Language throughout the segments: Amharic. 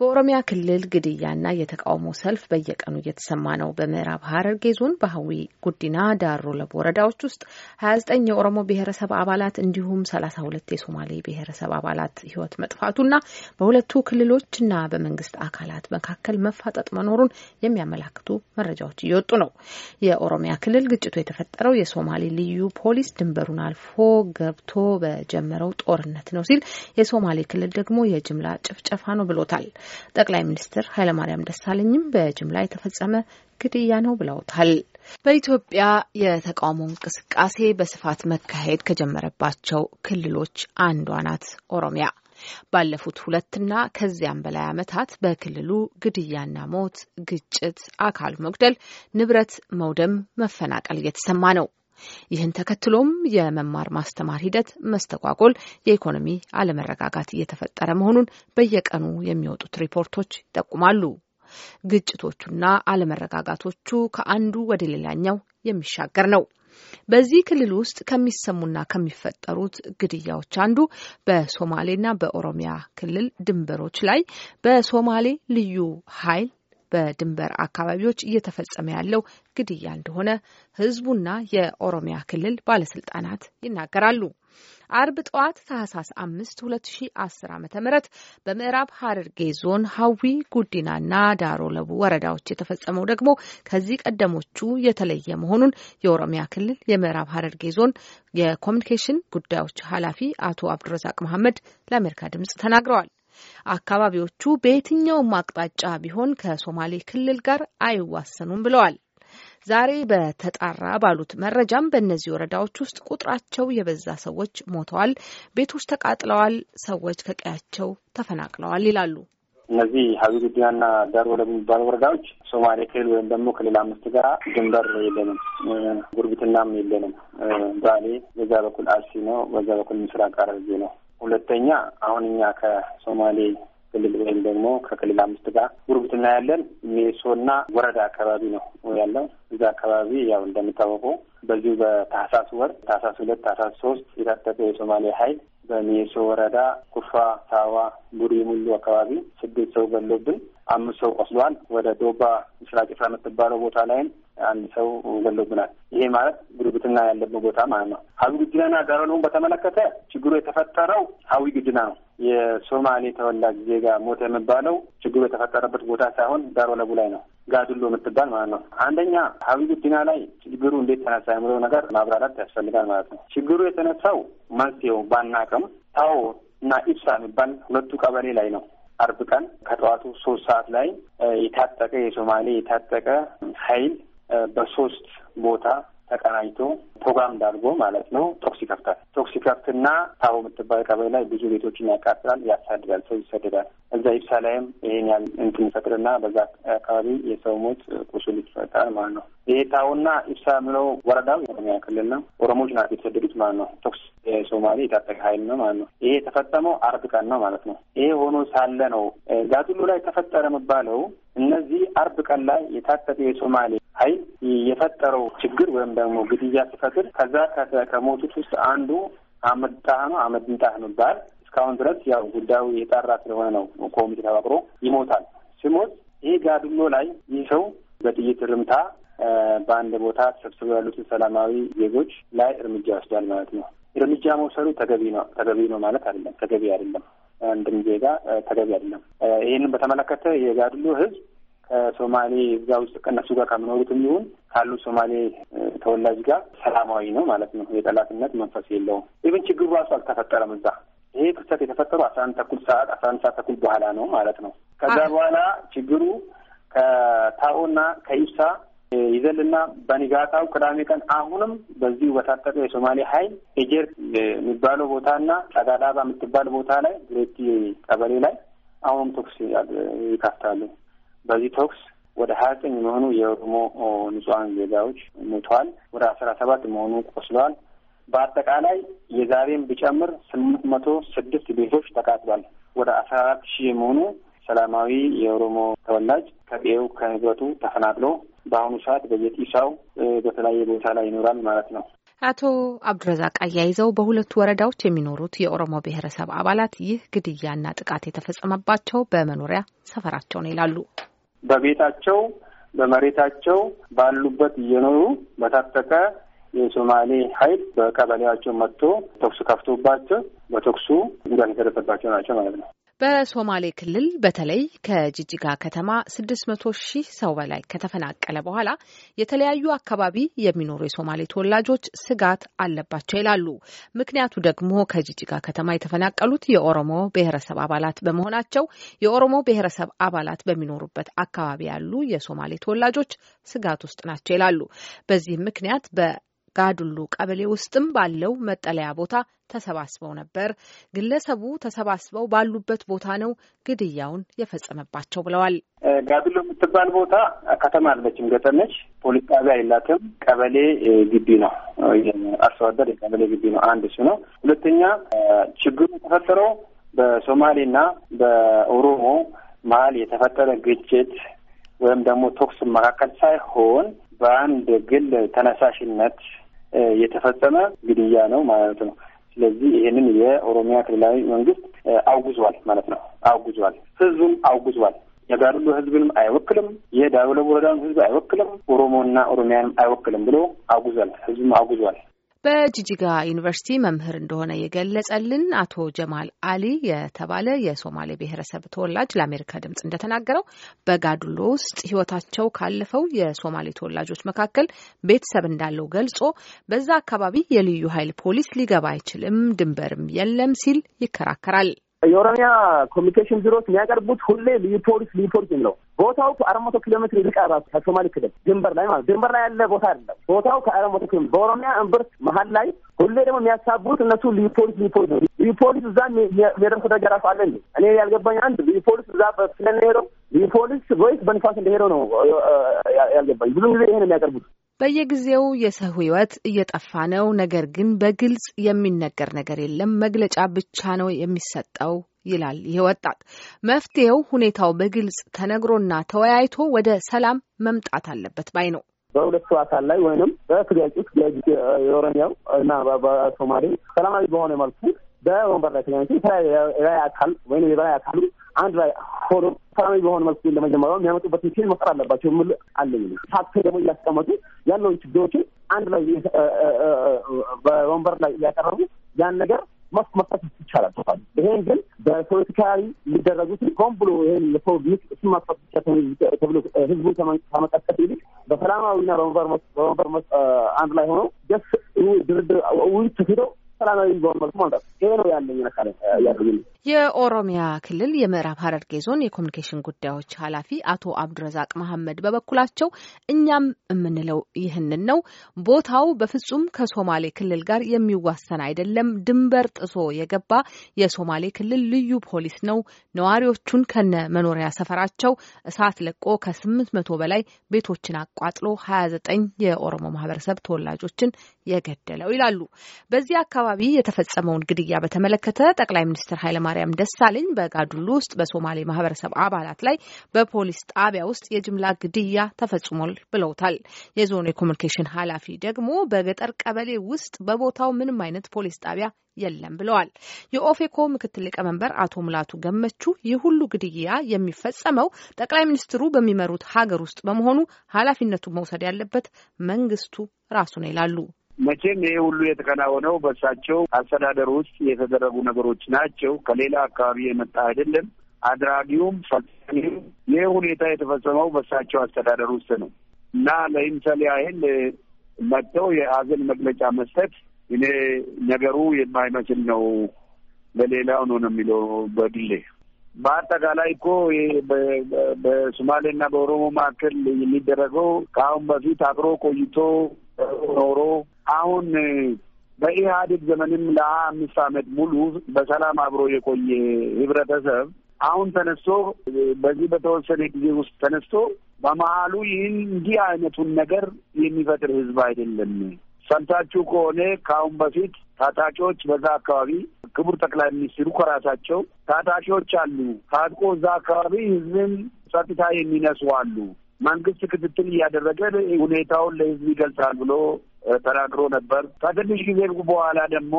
በኦሮሚያ ክልል ግድያና የተቃውሞ ሰልፍ በየቀኑ እየተሰማ ነው። በምዕራብ ሐረርጌ ዞን ባህዊ ጉዲና፣ ዳሮ ለብ ወረዳዎች ውስጥ 29 የኦሮሞ ብሔረሰብ አባላት እንዲሁም ሰላሳ ሁለት የሶማሌ ብሔረሰብ አባላት ህይወት መጥፋቱና በሁለቱ ክልሎችና በመንግስት አካላት መካከል መፋጠጥ መኖሩን የሚያመላክቱ መረጃዎች እየወጡ ነው። የኦሮሚያ ክልል ግጭቱ የተፈጠረው የሶማሌ ልዩ ፖሊስ ድንበሩን አልፎ ገብቶ በጀመረው ጦርነት ነው ሲል የሶማሌ ክልል ደግሞ የጅምላ ጭፍጨፋ ነው ብሎታል። ጠቅላይ ሚኒስትር ኃይለማርያም ደሳለኝም በጅምላ የተፈጸመ ግድያ ነው ብለውታል። በኢትዮጵያ የተቃውሞ እንቅስቃሴ በስፋት መካሄድ ከጀመረባቸው ክልሎች አንዷ ናት ኦሮሚያ። ባለፉት ሁለትና ከዚያም በላይ ዓመታት በክልሉ ግድያና ሞት፣ ግጭት፣ አካል መጉደል፣ ንብረት መውደም፣ መፈናቀል እየተሰማ ነው። ይህን ተከትሎም የመማር ማስተማር ሂደት መስተጓጎል፣ የኢኮኖሚ አለመረጋጋት እየተፈጠረ መሆኑን በየቀኑ የሚወጡት ሪፖርቶች ይጠቁማሉ። ግጭቶቹና አለመረጋጋቶቹ ከአንዱ ወደ ሌላኛው የሚሻገር ነው። በዚህ ክልል ውስጥ ከሚሰሙና ከሚፈጠሩት ግድያዎች አንዱ በሶማሌና በኦሮሚያ ክልል ድንበሮች ላይ በሶማሌ ልዩ ኃይል በድንበር አካባቢዎች እየተፈጸመ ያለው ግድያ እንደሆነ ህዝቡና የኦሮሚያ ክልል ባለስልጣናት ይናገራሉ። አርብ ጠዋት ታህሳስ አምስት ሁለት ሺ አስር ዓመተ ምህረት በምዕራብ ሐረርጌ ዞን ሀዊ ጉዲናና ዳሮ ለቡ ወረዳዎች የተፈጸመው ደግሞ ከዚህ ቀደሞቹ የተለየ መሆኑን የኦሮሚያ ክልል የምዕራብ ሀረርጌ ዞን የኮሚኒኬሽን ጉዳዮች ኃላፊ አቶ አብዱረዛቅ መሐመድ ለአሜሪካ ድምጽ ተናግረዋል። አካባቢዎቹ በየትኛውም አቅጣጫ ቢሆን ከሶማሌ ክልል ጋር አይዋሰኑም ብለዋል። ዛሬ በተጣራ ባሉት መረጃም በእነዚህ ወረዳዎች ውስጥ ቁጥራቸው የበዛ ሰዎች ሞተዋል፣ ቤቶች ተቃጥለዋል፣ ሰዎች ከቀያቸው ተፈናቅለዋል ይላሉ። እነዚህ ሀቢ ዳር ወደ ወረዳዎች ሶማሌ ክልል ወይም ደግሞ ክልል አምስት ጋራ ድንበር የለንም፣ ጉርብትናም የለንም። ባሌ በዛ በኩል አርሲ ነው፣ በዛ በኩል ምስራቅ ሐረርጌ ነው። ሁለተኛ አሁን እኛ ከሶማሌ ክልል ወይም ደግሞ ከክልል አምስት ጋር ጉርብትና ያለን ሜሶና ወረዳ አካባቢ ነው ያለው። እዛ አካባቢ ያው እንደሚታወቀው በዚሁ በታህሳስ ወር ታህሳስ ሁለት ታህሳስ ሶስት የታጠቀ የሶማሌ ኃይል በሜሶ ወረዳ ኩፋ፣ ሳዋ፣ ቡሪ ሙሉ አካባቢ ስድስት ሰው ገሎብን፣ አምስት ሰው ቆስሏል። ወደ ዶባ ምስራቅ ፍራ የምትባለው ቦታ ላይም አንድ ሰው ገሎብናል። ይሄ ማለት ጉርብትና ያለበት ቦታ ማለት ነው። ሀዊ ግድና ጋሮኖን በተመለከተ ችግሩ የተፈጠረው ሀዊ ግድና ነው። የሶማሌ ተወላጅ ዜጋ ሞተ የሚባለው ችግሩ የተፈጠረበት ቦታ ሳይሆን ዳሮ ለቡ ላይ ነው፣ ጋዱሎ የምትባል ማለት ነው። አንደኛ ሀዊ ግድና ላይ ችግሩ እንዴት ተነሳ የምለው ነገር ማብራራት ያስፈልጋል ማለት ነው። ችግሩ የተነሳው መንስኤው ባናቅም ታዎ እና ኢብሳ የሚባል ሁለቱ ቀበሌ ላይ ነው። አርብ ቀን ከጠዋቱ ሶስት ሰዓት ላይ የታጠቀ የሶማሌ የታጠቀ ኃይል በሶስት ቦታ ተቀናጅቶ ፕሮግራም እንዳድርጎ ማለት ነው። ቶክስ ይከፍታል። ቶክስ ታቦ የምትባል ቀበሌ ላይ ብዙ ቤቶችን ያቃጥላል፣ ያሳድዳል፣ ሰው ይሰደዳል። እዛ ይብሳ ላይም ይሄን ያህል እንትን ይፈጥርና በዛ አካባቢ የሰው ሞት ቁስል ይፈጣል ማለት ነው። ይሄ ታቦና ኢብሳ የምለው ወረዳው የኦሮሚያ ክልል ነው። ኦሮሞዎች ናቸው የተሰደዱት ማለት ነው። ቶክስ የሶማሌ የታጠቀ ኃይል ነው ማለት ነው። ይሄ የተፈጸመው አርብ ቀን ነው ማለት ነው። ይሄ ሆኖ ሳለ ነው ጋጡሎ ላይ ተፈጠረ የሚባለው እነዚህ አርብ ቀን ላይ የታጠቀ የሶማሌ ኃይል የፈጠረው ችግር ወይም ደግሞ ግድያ ሲፈጥር ከዛ ከሞቱት ውስጥ አንዱ አመድጣህ ነው አመድንጣህ ነው ይባል። እስካሁን ድረስ ያው ጉዳዩ የጠራ ስለሆነ ነው ኮሚቴ ተዋቅሮ ይሞታል። ሲሞት ይህ ጋድሎ ላይ ይህ ሰው በጥይት ርምታ በአንድ ቦታ ተሰብስበው ያሉትን ሰላማዊ ዜጎች ላይ እርምጃ ይወስዳል ማለት ነው። እርምጃ መውሰዱ ተገቢ ነው ተገቢ ነው ማለት አይደለም፣ ተገቢ አይደለም፣ አንድም ዜጋ ተገቢ አይደለም። ይህንን በተመለከተ የጋድሎ ህዝብ ከሶማሌ እዛ ውስጥ ከእነሱ ጋር ከሚኖሩትም ይሁን ካሉ ሶማሌ ተወላጅ ጋር ሰላማዊ ነው ማለት ነው። የጠላትነት መንፈስ የለውም። ኢብን ችግሩ ራሱ አልተፈጠረም እዛ ይሄ ክስተት የተፈጠሩ አስራ አንድ ተኩል ሰዓት አስራ አንድ ሰዓት ተኩል በኋላ ነው ማለት ነው። ከዛ በኋላ ችግሩ ከታኦና ከኢብሳ ይዘልና በንጋታው ቅዳሜ ቀን አሁንም በዚሁ በታጠቀ የሶማሌ ኃይል ኤጀር የሚባለው ቦታና ጨጋዳባ የምትባል ቦታ ላይ ዱሬቲ ቀበሌ ላይ አሁንም ተኩስ ይካፍታሉ። በዚህ ተኩስ ወደ ሀያ ዘጠኝ የሚሆኑ የኦሮሞ ንጹሐን ዜጋዎች ሞተዋል። ወደ አስራ ሰባት መሆኑ ቆስለዋል። በአጠቃላይ የዛሬም ብጨምር ስምንት መቶ ስድስት ቤቶች ተቃጥሏል። ወደ አስራ አራት ሺህ የሚሆኑ ሰላማዊ የኦሮሞ ተወላጅ ከቤው ከንብረቱ ተፈናቅሎ በአሁኑ ሰዓት በየጢሳው በተለያየ ቦታ ላይ ይኖራል ማለት ነው። አቶ አብዱረዛቅ አያይዘው በሁለቱ ወረዳዎች የሚኖሩት የኦሮሞ ብሔረሰብ አባላት ይህ ግድያና ጥቃት የተፈጸመባቸው በመኖሪያ ሰፈራቸው ነው ይላሉ። በቤታቸው በመሬታቸው ባሉበት እየኖሩ በታጠቀ የሶማሌ ኃይል በቀበሌያቸው መጥቶ ተኩስ ከፍቶባቸው በተኩሱ ጉዳት የደረሰባቸው ናቸው ማለት ነው። በሶማሌ ክልል በተለይ ከጅጅጋ ከተማ 600 ሺህ ሰው በላይ ከተፈናቀለ በኋላ የተለያዩ አካባቢ የሚኖሩ የሶማሌ ተወላጆች ስጋት አለባቸው ይላሉ። ምክንያቱ ደግሞ ከጅጅጋ ከተማ የተፈናቀሉት የኦሮሞ ብሔረሰብ አባላት በመሆናቸው የኦሮሞ ብሔረሰብ አባላት በሚኖሩበት አካባቢ ያሉ የሶማሌ ተወላጆች ስጋት ውስጥ ናቸው ይላሉ። በዚህም ምክንያት በ ጋዱሉ ቀበሌ ውስጥም ባለው መጠለያ ቦታ ተሰባስበው ነበር። ግለሰቡ ተሰባስበው ባሉበት ቦታ ነው ግድያውን የፈጸመባቸው ብለዋል። ጋዱሎ የምትባል ቦታ ከተማ አለችም፣ ገጠር ነች፣ ፖሊስ ጣቢያ የላትም። ቀበሌ ግቢ ነው፣ አርሶ አደር የቀበሌ ግቢ ነው። አንድ እሱ ነው። ሁለተኛ ችግሩ የተፈጠረው በሶማሌና በኦሮሞ መሀል የተፈጠረ ግጭት ወይም ደግሞ ተኩስ መካከል ሳይሆን በአንድ ግል ተነሳሽነት የተፈጸመ ግድያ ነው ማለት ነው። ስለዚህ ይህንን የኦሮሚያ ክልላዊ መንግስት አውግዟል ማለት ነው። አውግዟል፣ ህዝቡም አውግዟል። የጋርሎ ህዝብንም አይወክልም፣ የዳውለ ወረዳን ህዝብ አይወክልም፣ ኦሮሞና ኦሮሚያንም አይወክልም ብሎ አውግዟል። ህዝቡም አውግዟል። በጂጂጋ ዩኒቨርሲቲ መምህር እንደሆነ የገለጸልን አቶ ጀማል አሊ የተባለ የሶማሌ ብሔረሰብ ተወላጅ ለአሜሪካ ድምጽ እንደተናገረው በጋዱሎ ውስጥ ሕይወታቸው ካለፈው የሶማሌ ተወላጆች መካከል ቤተሰብ እንዳለው ገልጾ በዛ አካባቢ የልዩ ኃይል ፖሊስ ሊገባ አይችልም፣ ድንበርም የለም ሲል ይከራከራል። የኦሮሚያ ኮሚኒኬሽን ቢሮ የሚያቀርቡት ሁሌ ልዩ ፖሊስ ልዩ ፖሊስ የሚለው ቦታው ከአራት መቶ ኪሎ ሜትር ይርቃል። ራሱ ከሶማሌ ክልል ድንበር ላይ ማለት ድንበር ላይ ያለ ቦታ አይደለም። ቦታው ከአራት መቶ ኪሎ በኦሮሚያ እምብርት መሀል ላይ ሁሌ ደግሞ የሚያሳብሩት እነሱ ልዩ ፖሊስ ልዩ ፖሊስ ነው። ልዩ ፖሊስ እዛ የሚያደርሱ ደረጃ ራሱ አለ። እኔ ያልገባኝ አንድ ልዩ ፖሊስ እዛ ስለነሄደው ልዩ ፖሊስ ወይስ በንፋስ እንደሄደው ነው ያልገባኝ። ብዙም ጊዜ ይሄን የሚያቀርቡት። በየጊዜው የሰው ሕይወት እየጠፋ ነው። ነገር ግን በግልጽ የሚነገር ነገር የለም። መግለጫ ብቻ ነው የሚሰጠው ይላል ይህ ወጣት። መፍትሄው ሁኔታው በግልጽ ተነግሮና ተወያይቶ ወደ ሰላም መምጣት አለበት ባይ ነው። በሁለቱ አካል ላይ ወይም በትጋጭት የኦሮሚያው እና በሶማሌ ሰላማዊ በሆነ መልኩ በወንበር ላይ ተገናኝቶ የበላይ አካል ወይም የበላይ አካሉ አንድ ላይ ሆኖ ሰላማዊ በሆነ መልኩ ለመጀመሪያ የሚያመጡበት ምክል መፍጠር አለባቸው የምል አለኝ። ሀብት ደግሞ እያስቀመጡ ያለውን ችግሮችን አንድ ላይ በወንበር ላይ እያቀረቡ ያን ነገር መፍታት ይቻላል። ተባሉ። ይሄን ግን በፖለቲካዊ የሚደረጉት ሆን ብሎ ይህን ለሰው እሱ ማጥፋት ብቻ ተብሎ ህዝቡን ከመቀስቀስ ይልቅ በሰላማዊና በወንበር አንድ ላይ ሆኖ ደስ ድርድር ውይይት ተሄደው ሰላማዊ በሆነ መልኩ ማምጣት ይሄ ነው ያለኝ ነካ ያደርግ የኦሮሚያ ክልል የምዕራብ ሐረርጌ ዞን የኮሚኒኬሽን ጉዳዮች ኃላፊ አቶ አብዱረዛቅ መሐመድ በበኩላቸው እኛም የምንለው ይህንን ነው። ቦታው በፍጹም ከሶማሌ ክልል ጋር የሚዋሰን አይደለም። ድንበር ጥሶ የገባ የሶማሌ ክልል ልዩ ፖሊስ ነው። ነዋሪዎቹን ከነ መኖሪያ ሰፈራቸው እሳት ለቆ ከስምንት መቶ በላይ ቤቶችን አቋጥሎ ሀያ ዘጠኝ የኦሮሞ ማህበረሰብ ተወላጆችን የገደለው ይላሉ በዚህ አካባቢ አካባቢ የተፈጸመውን ግድያ በተመለከተ ጠቅላይ ሚኒስትር ኃይለማርያም ደሳለኝ በጋዱሉ ውስጥ በሶማሌ ማህበረሰብ አባላት ላይ በፖሊስ ጣቢያ ውስጥ የጅምላ ግድያ ተፈጽሟል ብለውታል። የዞኑ የኮሚኒኬሽን ኃላፊ ደግሞ በገጠር ቀበሌ ውስጥ በቦታው ምንም አይነት ፖሊስ ጣቢያ የለም ብለዋል። የኦፌኮ ምክትል ሊቀመንበር አቶ ሙላቱ ገመቹ ይህ ሁሉ ግድያ የሚፈጸመው ጠቅላይ ሚኒስትሩ በሚመሩት ሀገር ውስጥ በመሆኑ ኃላፊነቱ መውሰድ ያለበት መንግስቱ ራሱ ነው ይላሉ። መቼም ይሄ ሁሉ የተከናወነው በእሳቸው አስተዳደር ውስጥ የተደረጉ ነገሮች ናቸው። ከሌላ አካባቢ የመጣ አይደለም። አድራጊውም ፈጻሚውም ይህ ሁኔታ የተፈጸመው በእሳቸው አስተዳደር ውስጥ ነው እና ለይምሰል ያህል መጥተው የሀዘን መግለጫ መስጠት እኔ ነገሩ የማይመስል ነው። ለሌላው ነው ነው የሚለው በግሌ በአጠቃላይ እኮ በሶማሌና በኦሮሞ መካከል የሚደረገው ከአሁን በፊት አብሮ ቆይቶ ኖሮ አሁን በኢህአዴግ ዘመንም ለሀያ አምስት አመት ሙሉ በሰላም አብሮ የቆየ ህብረተሰብ አሁን ተነስቶ በዚህ በተወሰነ ጊዜ ውስጥ ተነስቶ በመሀሉ ይህን እንዲህ አይነቱን ነገር የሚፈጥር ህዝብ አይደለም። ሰምታችሁ ከሆነ ከአሁን በፊት ታጣቂዎች በዛ አካባቢ ክቡር ጠቅላይ ሚኒስትሩ ከራሳቸው ታጣቂዎች አሉ ታጥቆ እዛ አካባቢ ህዝብን ጸጥታ የሚነሱ አሉ መንግስት ክትትል እያደረገ ሁኔታውን ለህዝብ ይገልጻል ብሎ ተናግሮ ነበር። ከትንሽ ጊዜ በኋላ ደግሞ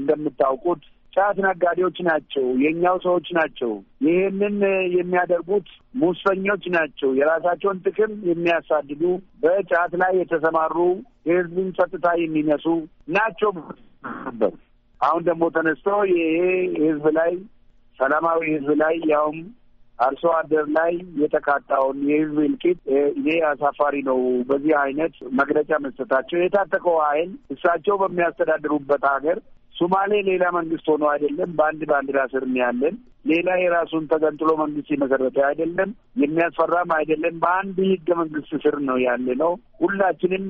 እንደምታውቁት ጫት ነጋዴዎች ናቸው፣ የእኛው ሰዎች ናቸው። ይህንን የሚያደርጉት ሙሰኞች ናቸው፣ የራሳቸውን ጥቅም የሚያሳድዱ በጫት ላይ የተሰማሩ የህዝብን ጸጥታ የሚነሱ ናቸው ነበር። አሁን ደግሞ ተነስቶ ይሄ ህዝብ ላይ ሰላማዊ ህዝብ ላይ ያውም አርሶ አደር ላይ የተቃጣውን የህዝብ እልቂት ይሄ አሳፋሪ ነው። በዚህ አይነት መግለጫ መስጠታቸው የታጠቀው ኃይል እሳቸው በሚያስተዳድሩበት ሀገር ሶማሌ ሌላ መንግስት ሆኖ አይደለም በአንድ ባንዲራ ስር ያለን ሌላ የራሱን ተገንጥሎ መንግስት የመሰረተ አይደለም፣ የሚያስፈራም አይደለም። በአንድ ህገ መንግስት ስር ነው ያለ ነው። ሁላችንም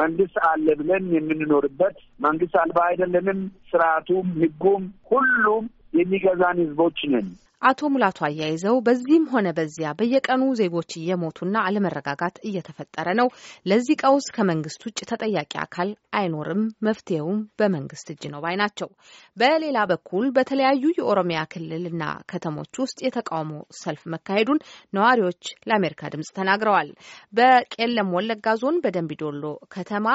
መንግስት አለ ብለን የምንኖርበት መንግስት አልባ አይደለንም። ስርዓቱም ህጉም ሁሉም የሚገዛን ህዝቦች ነን። አቶ ሙላቱ አያይዘው በዚህም ሆነ በዚያ በየቀኑ ዜጎች እየሞቱና አለመረጋጋት እየተፈጠረ ነው። ለዚህ ቀውስ ከመንግስት ውጭ ተጠያቂ አካል አይኖርም፣ መፍትሄውም በመንግስት እጅ ነው ባይ ናቸው። በሌላ በኩል በተለያዩ የኦሮሚያ ክልልና ከተሞች ውስጥ የተቃውሞ ሰልፍ መካሄዱን ነዋሪዎች ለአሜሪካ ድምጽ ተናግረዋል። በቄለም ወለጋ ዞን በደንቢዶሎ ከተማ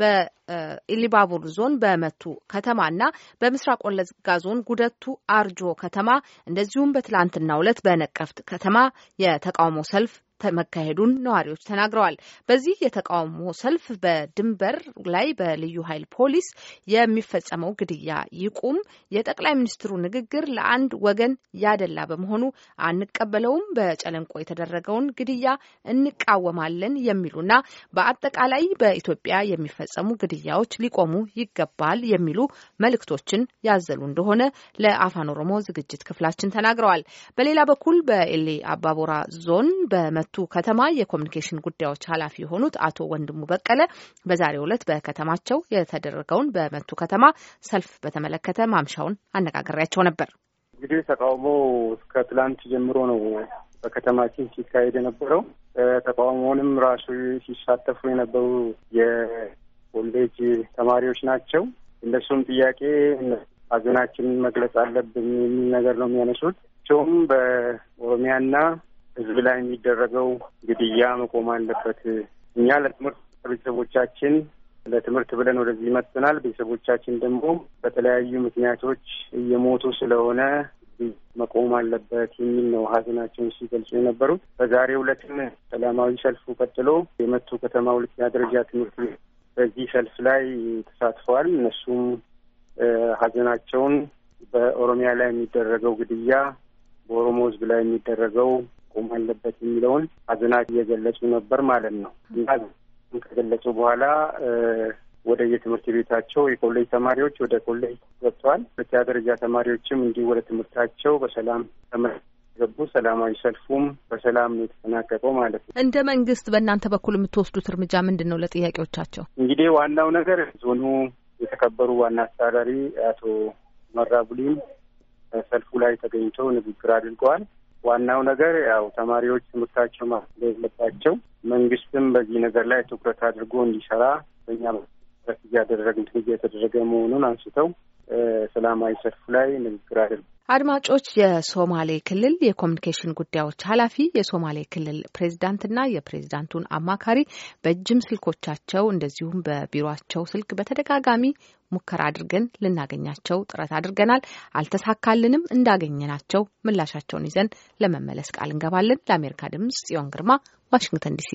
በኢሊባቡር ዞን በመቱ ከተማና በምስራቅ ወለጋ ዞን ጉደቱ አርጆ ከተማ እንደዚሁ እንደዚሁም በትላንትናው ዕለት በነቀፍት ከተማ የተቃውሞ ሰልፍ መካሄዱን ነዋሪዎች ተናግረዋል። በዚህ የተቃውሞ ሰልፍ በድንበር ላይ በልዩ ኃይል ፖሊስ የሚፈጸመው ግድያ ይቁም፣ የጠቅላይ ሚኒስትሩ ንግግር ለአንድ ወገን ያደላ በመሆኑ አንቀበለውም፣ በጨለንቆ የተደረገውን ግድያ እንቃወማለን የሚሉና በአጠቃላይ በኢትዮጵያ የሚፈጸሙ ግድያዎች ሊቆሙ ይገባል የሚሉ መልእክቶችን ያዘሉ እንደሆነ ለአፋን ኦሮሞ ዝግጅት ክፍላችን ተናግረዋል። በሌላ በኩል በኤሌ አባቦራ ዞን በመ የኮምቦልቱ ከተማ የኮሚኒኬሽን ጉዳዮች ኃላፊ የሆኑት አቶ ወንድሙ በቀለ በዛሬው ዕለት በከተማቸው የተደረገውን በመቱ ከተማ ሰልፍ በተመለከተ ማምሻውን አነጋግሬያቸው ነበር። እንግዲህ ተቃውሞ እስከ ትላንት ጀምሮ ነው በከተማችን ሲካሄድ የነበረው። ተቃውሞውንም ራሱ ሲሳተፉ የነበሩ የኮሌጅ ተማሪዎች ናቸው። እነሱም ጥያቄ ሀዘናችንን መግለጽ አለብን የሚል ነገር ነው የሚያነሱት። ቸውም በኦሮሚያና ህዝብ ላይ የሚደረገው ግድያ መቆም አለበት። እኛ ለትምህርት ቤተሰቦቻችን ለትምህርት ብለን ወደዚህ መጥተናል። ቤተሰቦቻችን ደግሞ በተለያዩ ምክንያቶች እየሞቱ ስለሆነ መቆም አለበት የሚል ነው ሀዘናቸውን ሲገልጹ የነበሩት። በዛሬው ዕለትም ሰላማዊ ሰልፉ ቀጥሎ የመቱ ከተማ ሁለተኛ ደረጃ ትምህርት ቤት በዚህ ሰልፍ ላይ ተሳትፈዋል። እነሱም ሀዘናቸውን በኦሮሚያ ላይ የሚደረገው ግድያ፣ በኦሮሞ ህዝብ ላይ የሚደረገው መቆም አለበት የሚለውን ሀዘናቸውን እየገለጹ ነበር ማለት ነው እና ከገለጹ በኋላ ወደ የትምህርት ቤታቸው የኮሌጅ ተማሪዎች ወደ ኮሌጅ ገብተዋል። ሁለተኛ ደረጃ ተማሪዎችም እንዲሁ ወደ ትምህርታቸው በሰላም ገቡ። ሰላማዊ ሰልፉም በሰላም ነው የተጠናቀቀው ማለት ነው። እንደ መንግስት በእናንተ በኩል የምትወስዱት እርምጃ ምንድን ነው? ለጥያቄዎቻቸው እንግዲህ ዋናው ነገር ዞኑ የተከበሩ ዋና አስተዳዳሪ አቶ መራቡሊም ሰልፉ ላይ ተገኝተው ንግግር አድርገዋል። ዋናው ነገር ያው ተማሪዎች ትምህርታቸው ማለባቸው መንግስትም በዚህ ነገር ላይ ትኩረት አድርጎ እንዲሰራ በእኛ ጥረት እያደረግን እየተደረገ መሆኑን አንስተው ሰላማዊ ሰልፍ ላይ ንግግር አድርጉ። አድማጮች፣ የሶማሌ ክልል የኮሚኒኬሽን ጉዳዮች ኃላፊ የሶማሌ ክልል ፕሬዚዳንትና የፕሬዚዳንቱን አማካሪ በእጅም ስልኮቻቸው እንደዚሁም በቢሮቸው ስልክ በተደጋጋሚ ሙከራ አድርገን ልናገኛቸው ጥረት አድርገናል፣ አልተሳካልንም። እንዳገኘናቸው ምላሻቸውን ይዘን ለመመለስ ቃል እንገባለን። ለአሜሪካ ድምጽ ጽዮን ግርማ ዋሽንግተን ዲሲ